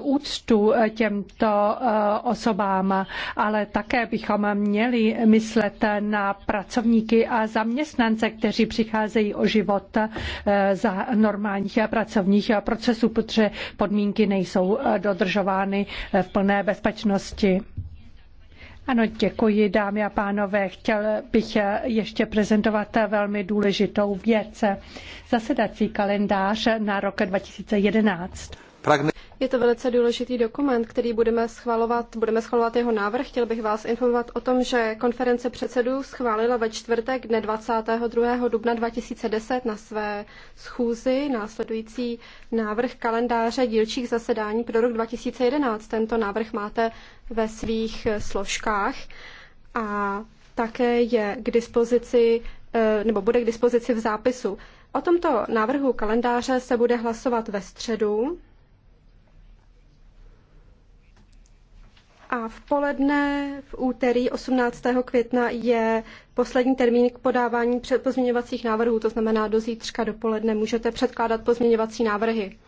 úctu eh, těmto eh, osobám, ale také bychom měli myslet na pracovníky a zaměstnance, kteří přicházejí o život eh, za normálních pracovních procesů, protože podmínky nejsou dodržovány v plné bezpečnosti. Ano, děkuji, dámy a pánové. Chtěl bych ještě prezentovat velmi důležitou věc. Zasedací kalendář na rok 2011. Je to velice důležitý dokument, který budeme schvalovat, budeme schvalovat jeho návrh. Chtěl bych vás informovat o tom, že konference předsedů schválila ve čtvrtek dne 22. dubna 2010 na své schůzi následující návrh kalendáře dílčích zasedání pro rok 2011. Tento návrh máte ve svých složkách a také je k dispozici eh, nebo bude k dispozici v zápisu. O tomto návrhu kalendáře se bude hlasovat ve středu A v poledne, v úterý 18. května, je poslední termín k podávání pozměňovacích návrhů, to znamená do zítřka dopoledne můžete předkládat pozměňovací návrhy.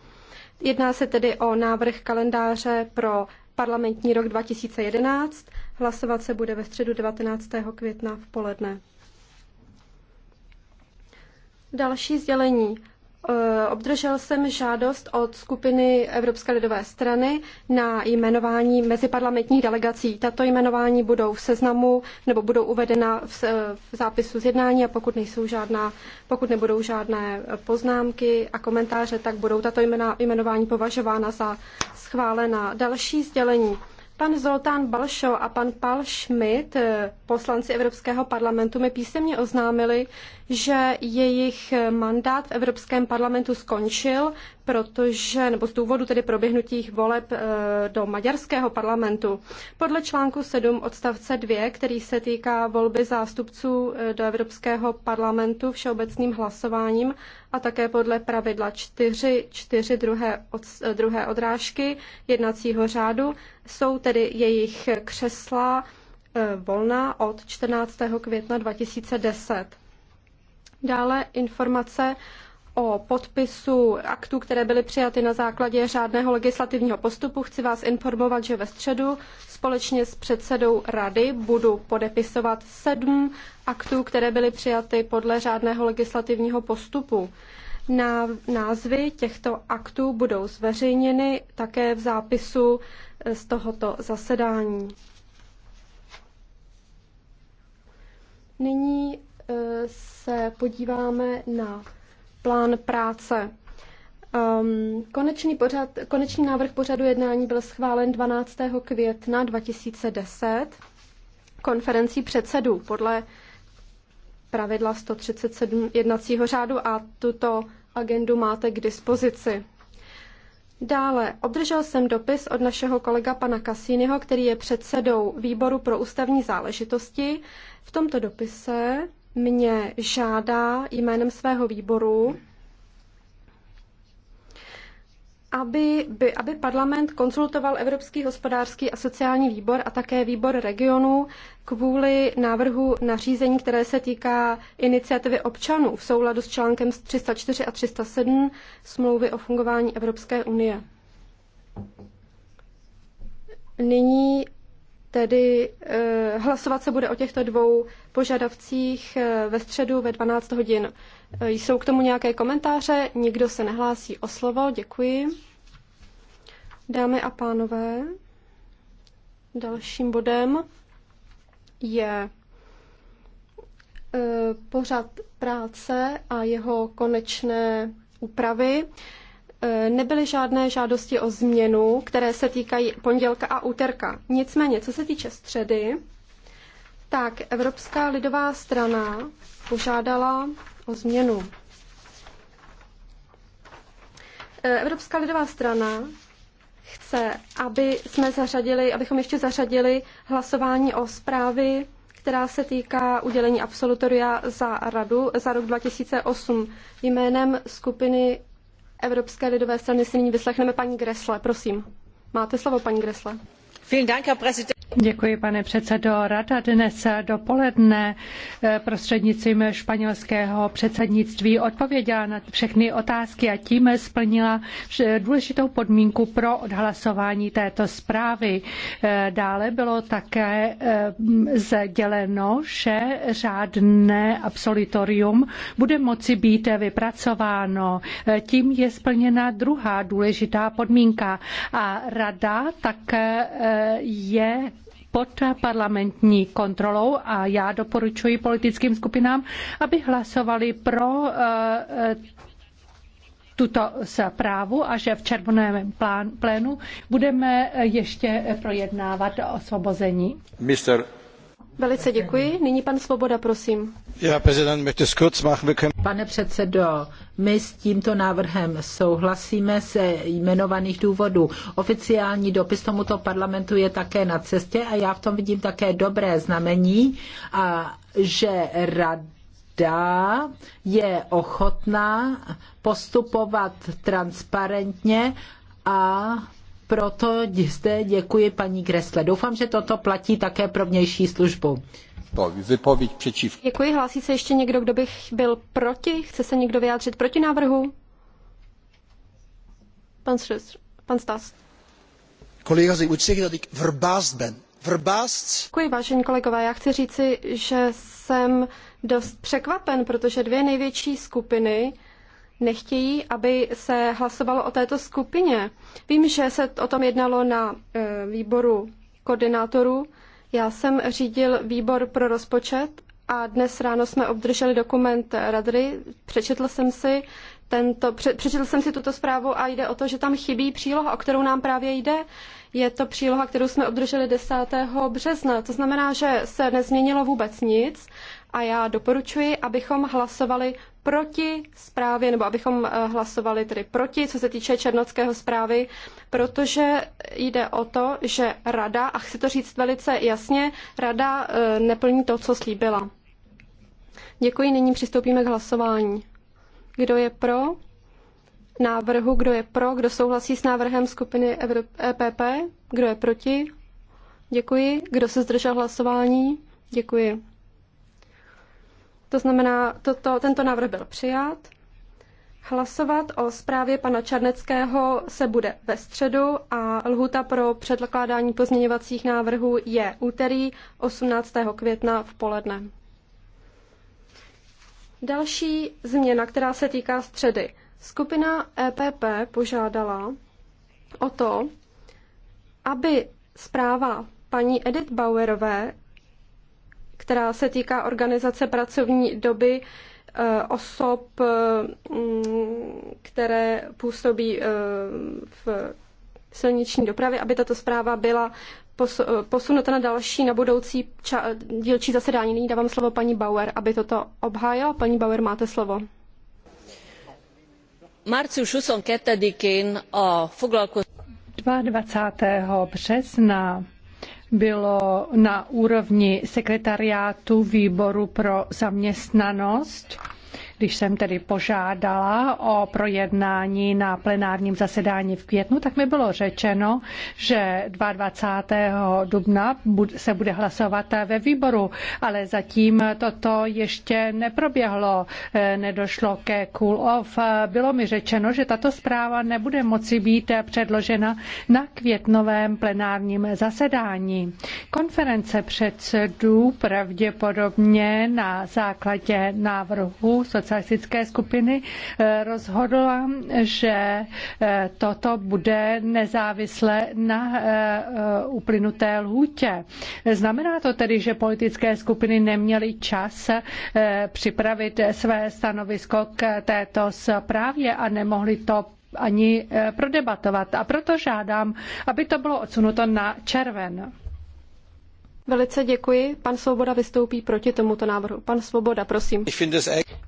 Jedná se tedy o návrh kalendáře pro parlamentní rok 2011. Hlasovat se bude ve středu 19. května v poledne. Další sdělení. Eh, obdržel jsem žádost od skupiny Evropské lidové strany na jmenování meziparlamentních delegací. Tato jmenování budou v seznamu nebo budou uvedena v, zápisu z jednání a pokud, nejsou žádná, pokud nebudou žádné poznámky a komentáře, tak budou tato jmenování považována za schválená. Další sdělení. Pan Zoltán Balšo a pan Pal Schmidt, eh, poslanci Evropského parlamentu, mi písemně oznámili, že jejich mandát v Evropském parlamentu skončil, protože, nebo z důvodu tedy proběhnutých voleb eh, do maďarského parlamentu. Podle článku 7 odstavce 2, který se týká volby zástupců eh, do Evropského parlamentu všeobecným hlasováním a také podle pravidla 4, 4 druhé, od, druhé odrážky jednacího řádu jsou tedy jejich křesla e, volná od 14. května 2010. Dále informace o podpisu aktů, které byly přijaty na základě řádného legislativního postupu. Chci vás informovat, že ve středu společně s předsedou rady budu podepisovat sedm aktů, které byly přijaty podle řádného legislativního postupu. Na názvy těchto aktů budou zveřejněny také v zápisu eh, z tohoto zasedání. Nyní eh, se podíváme na plán práce. Um, konečný, pořad, konečný návrh pořadu jednání byl schválen 12. května 2010 konferencí předsedů podle pravidla 137 jednacího řádu a tuto agendu máte k dispozici. Dále obdržel jsem dopis od našeho kolega pana Kasínyho, který je předsedou výboru pro ústavní záležitosti. V tomto dopise mě žádá jménem svého výboru, aby, by, aby parlament konzultoval Evropský hospodářský a sociální výbor a také výbor regionu kvůli návrhu nařízení, které se týká iniciativy občanů v souladu s článkem 304 a 307 smlouvy o fungování Evropské unie. Nyní Tedy eh, hlasovat se bude o těchto dvou požadavcích eh, ve středu ve 12 hodin. Eh, jsou k tomu nějaké komentáře? Nikdo se nehlásí o slovo. Děkuji. Dámy a pánové, dalším bodem je pořad práce a jeho konečné úpravy. E, nebyly žádné žádosti o změnu, které se týkají pondělka a úterka. Nicméně, co se týče středy, tak Evropská lidová strana požádala o změnu. E, Evropská lidová strana chce, aby jsme zařadili, abychom ještě zařadili hlasování o zprávy, která se týká udělení absolutoria za radu za rok 2008 jménem skupiny Evropské lidové strany si nyní vyslechneme paní Gresle. Prosím, máte slovo, paní Gresle. Vielen Dank, Herr Präsident. Děkuji, pane předsedo. Rada dnes dopoledne eh, prostřednictvím španělského předsednictví odpověděla na všechny otázky a tím splnila důležitou podmínku pro odhlasování této zprávy. Eh, dále bylo také eh, sděleno, že řádné absolutorium bude moci být vypracováno. Tím je splněna druhá důležitá podmínka a rada také je pod parlamentní kontrolou a já doporučuji politickým skupinám, aby hlasovali pro eh, tuto zprávu a že v červeném plénu budeme ještě projednávat osvobození. Velice děkuji. Nyní pan Svoboda, prosím. Pane předsedo, my s tímto návrhem souhlasíme se jmenovaných důvodů. Oficiální dopis tomuto parlamentu je také na cestě a já v tom vidím také dobré znamení, a že rada je ochotná postupovat transparentně a proto zde děkuji paní Kresle. Doufám, že toto platí také pro vnější službu. Vypověď přečív. Děkuji. Hlásí se ještě někdo, kdo bych byl proti? Chce se někdo vyjádřit proti návrhu? Pan, Sres, pan Stas. Collega's, ik moet zeggen dat ben. Verbaasd. Děkuji, vážení kolegové. Já chci říci, že jsem dost překvapen, protože dvě největší skupiny nechtějí, aby se hlasovalo o této skupině. Vím, že se o tom jednalo na e, výboru koordinátorů. Já jsem řídil výbor pro rozpočet a dnes ráno jsme obdrželi dokument Radry. Přečetl jsem si tento, přečetl jsem si tuto zprávu a jde o to, že tam chybí příloha, o kterou nám právě jde. Je to příloha, kterou jsme obdrželi 10. března. To znamená, že se nezměnilo vůbec nic a já doporučuji, abychom hlasovali proti zprávě, nebo abychom eh, hlasovali tedy proti, co se týče Černockého zprávy, protože jde o to, že rada, a chci to říct velice jasně, rada eh, neplní to, co slíbila. Děkuji, nyní přistoupíme k hlasování. Kdo je pro návrhu, kdo je pro, kdo souhlasí s návrhem skupiny EPP, e kdo je proti? Děkuji. Kdo se zdržel hlasování? Děkuji. To znamená, to, tento návrh byl přijat. Hlasovat o zprávě pana Čarneckého se bude ve středu a lhuta pro předkládání pozměňovacích návrhů je úterý 18. května v poledne. Další změna, která se týká středy. Skupina EPP požádala o to, aby zpráva paní Edith Bauerové která se týká organizace pracovní doby eh, osob, eh, mm, které působí eh, v silniční dopravě, aby tato zpráva byla posunuta na další, na budoucí ča- dílčí zasedání. Nyní dávám slovo paní Bauer, aby toto obhájila. Paní Bauer, máte slovo. Március 22 a foglalkozás 22. března bylo na úrovni sekretariátu výboru pro zaměstnanost když jsem tedy požádala o projednání na plenárním zasedání v květnu, tak mi bylo řečeno, že 22. dubna se bude hlasovat ve výboru, ale zatím toto ještě neproběhlo, eh, nedošlo ke cool-off. Bylo mi řečeno, že tato zpráva nebude moci být předložena na květnovém plenárním zasedání. Konference předsedů pravděpodobně na základě návrhu sociální socialistické skupiny eh, rozhodla, že eh, toto bude nezávisle na eh, uplynuté lhůtě. Znamená to tedy, že politické skupiny neměly čas připravit své stanovisko k této zprávě a nemohli to ani prodebatovat. A proto žádám, aby to bylo odsunuto na červen. Velice děkuji. Pan Svoboda vystoupí proti tomuto návrhu. Pan Svoboda, prosím.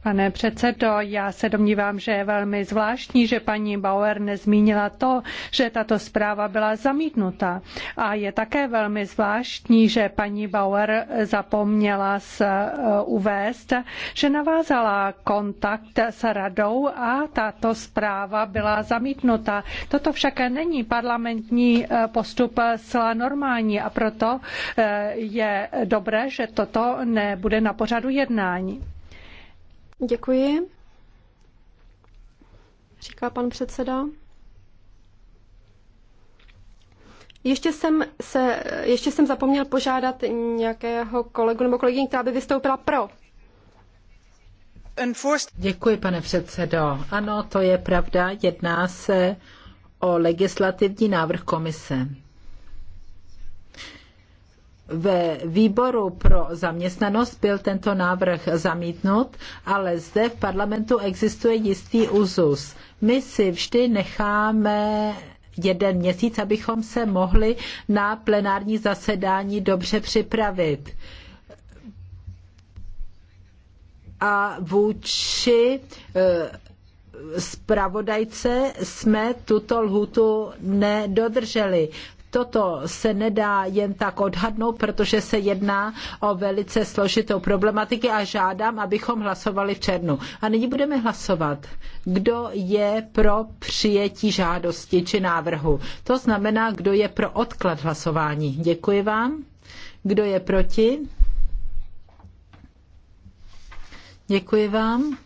Pane předsedo, já se domnívám, že je velmi zvláštní, že paní Bauer nezmínila to, že tato zpráva byla zamítnuta. A je také velmi zvláštní, že paní Bauer zapomněla s, eh, uvést, že navázala kontakt s radou a tato zpráva byla zamítnuta. Toto však není parlamentní eh, postup zcela normální a proto eh, je dobré, že toto nebude na pořadu jednání. Děkuji, říká pan předseda. Ještě jsem, se, ještě jsem zapomněl požádat nějakého kolegu nebo kolegyni, která by vystoupila pro. Děkuji, pane předsedo. Ano, to je pravda. Jedná se o legislativní návrh komise ve výboru pro zaměstnanost byl tento návrh zamítnut, ale zde v parlamentu existuje jistý uzus. My si vždy necháme jeden měsíc, abychom se mohli na plenární zasedání dobře připravit. A vůči eh, zpravodajce jsme tuto lhutu nedodrželi. Toto se nedá jen tak odhadnout, protože se jedná o velice složitou problematiku a žádám, abychom hlasovali v černu. A nyní budeme hlasovat, kdo je pro přijetí žádosti či návrhu. To znamená, kdo je pro odklad hlasování. Děkuji vám. Kdo je proti? Děkuji vám.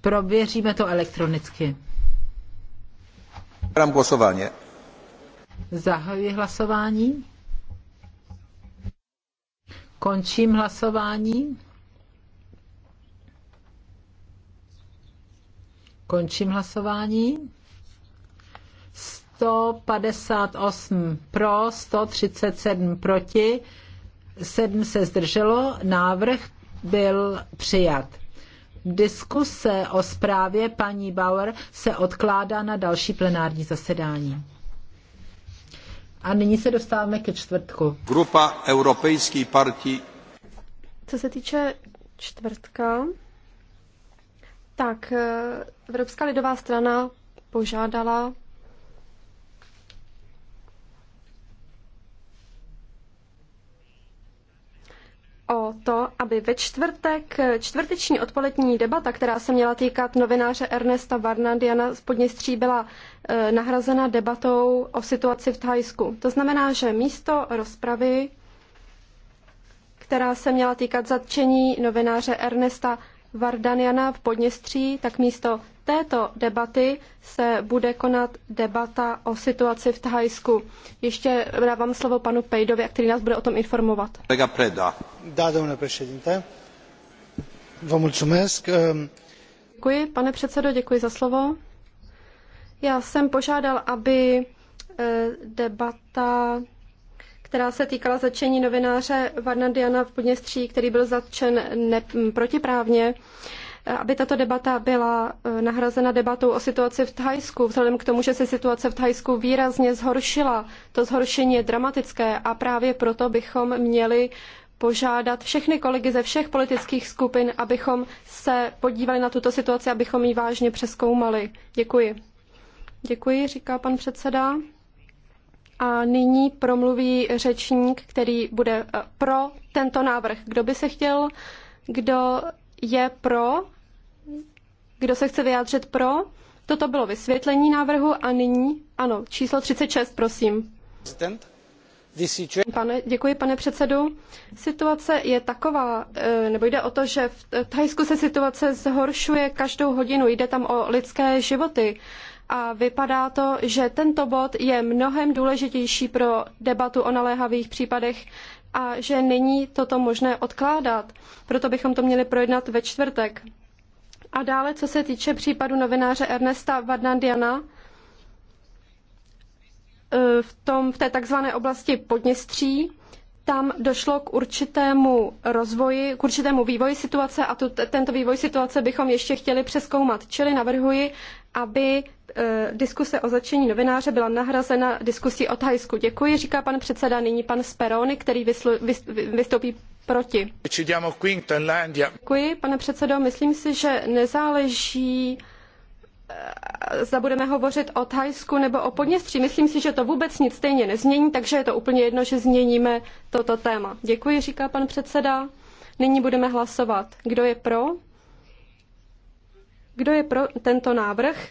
Prověříme to elektronicky. Dám hlasování. Zahajuji hlasování. Končím hlasování. Končím hlasování. 158 pro, 137 proti, 7 se zdrželo, návrh byl přijat. Diskuse o zprávě paní Bauer se odkládá na další plenární zasedání. A nyní se dostáváme ke čtvrtku. Grupa Europejské partí. Co se týče čtvrtka, tak eh, Evropská lidová strana požádala o to, aby ve čtvrtek, čtvrteční odpolední debata, která se měla týkat novináře Ernesta Varnadiana z Podněstří, byla eh, nahrazena debatou o situaci v Thajsku. To znamená, že místo rozpravy, která se měla týkat zatčení novináře Ernesta Vardaniana v Podněstří, tak místo této debaty se bude konat debata o situaci v Thajsku. Ještě dávám slovo panu Pejdovi, který nás bude o tom informovat. Pega Preda. Da, domnule președinte. Vă mulțumesc. Ehm, děkuji, pane předsedo, děkuji za slovo. Já jsem požádal, aby eh, debata, která se týkala začení novináře Varnadiana v Podněstří, který byl zatčen ne- protiprávně, aby tato debata byla eh, nahrazena debatou o situaci v Thajsku, vzhledem k tomu, že se situace v Thajsku výrazně zhoršila. To zhoršení je dramatické a právě proto bychom měli požádat všechny kolegy ze všech politických skupin, abychom se podívali na tuto situaci, abychom ji vážně přeskoumali. Děkuji. Děkuji, říká pan předseda. A nyní promluví řečník, který bude eh, pro tento návrh. Kdo by se chtěl, kdo je pro? Kdo se chce vyjádřit pro? Toto bylo vysvětlení návrhu a nyní, ano, číslo 36, prosím. Pane, děkuji, pane předsedu. Situace je taková, eh, nebo jde o to, že v Thajsku se situace zhoršuje každou hodinu. Jde tam o lidské životy a vypadá to, že tento bod je mnohem důležitější pro debatu o naléhavých případech a že není toto možné odkládat. Proto bychom to měli projednat ve čtvrtek. A dále, co se týče případu novináře Ernesta Vadnandiana, eh, v, tom, v té takzvané oblasti Podněstří, tam došlo k určitému rozvoji, k určitému vývoji situace a tu, tento vývoj situace bychom ještě chtěli přeskoumat. Čili navrhuji, aby Eh, diskuse o začení novináře byla nahrazena diskusí o Thajsku. Děkuji, říká pan předseda, nyní pan Speroni, který vyslu, vys, vystoupí proti. Děkuji, pane předsedo, myslím si, že nezáleží eh, zda budeme hovořit o Thajsku nebo o Podněstří. Myslím si, že to vůbec nic stejně nezmění, takže je to úplně jedno, že změníme toto téma. Děkuji, říká pan předseda. Nyní budeme hlasovat. Kdo je pro? Kdo je pro tento návrh?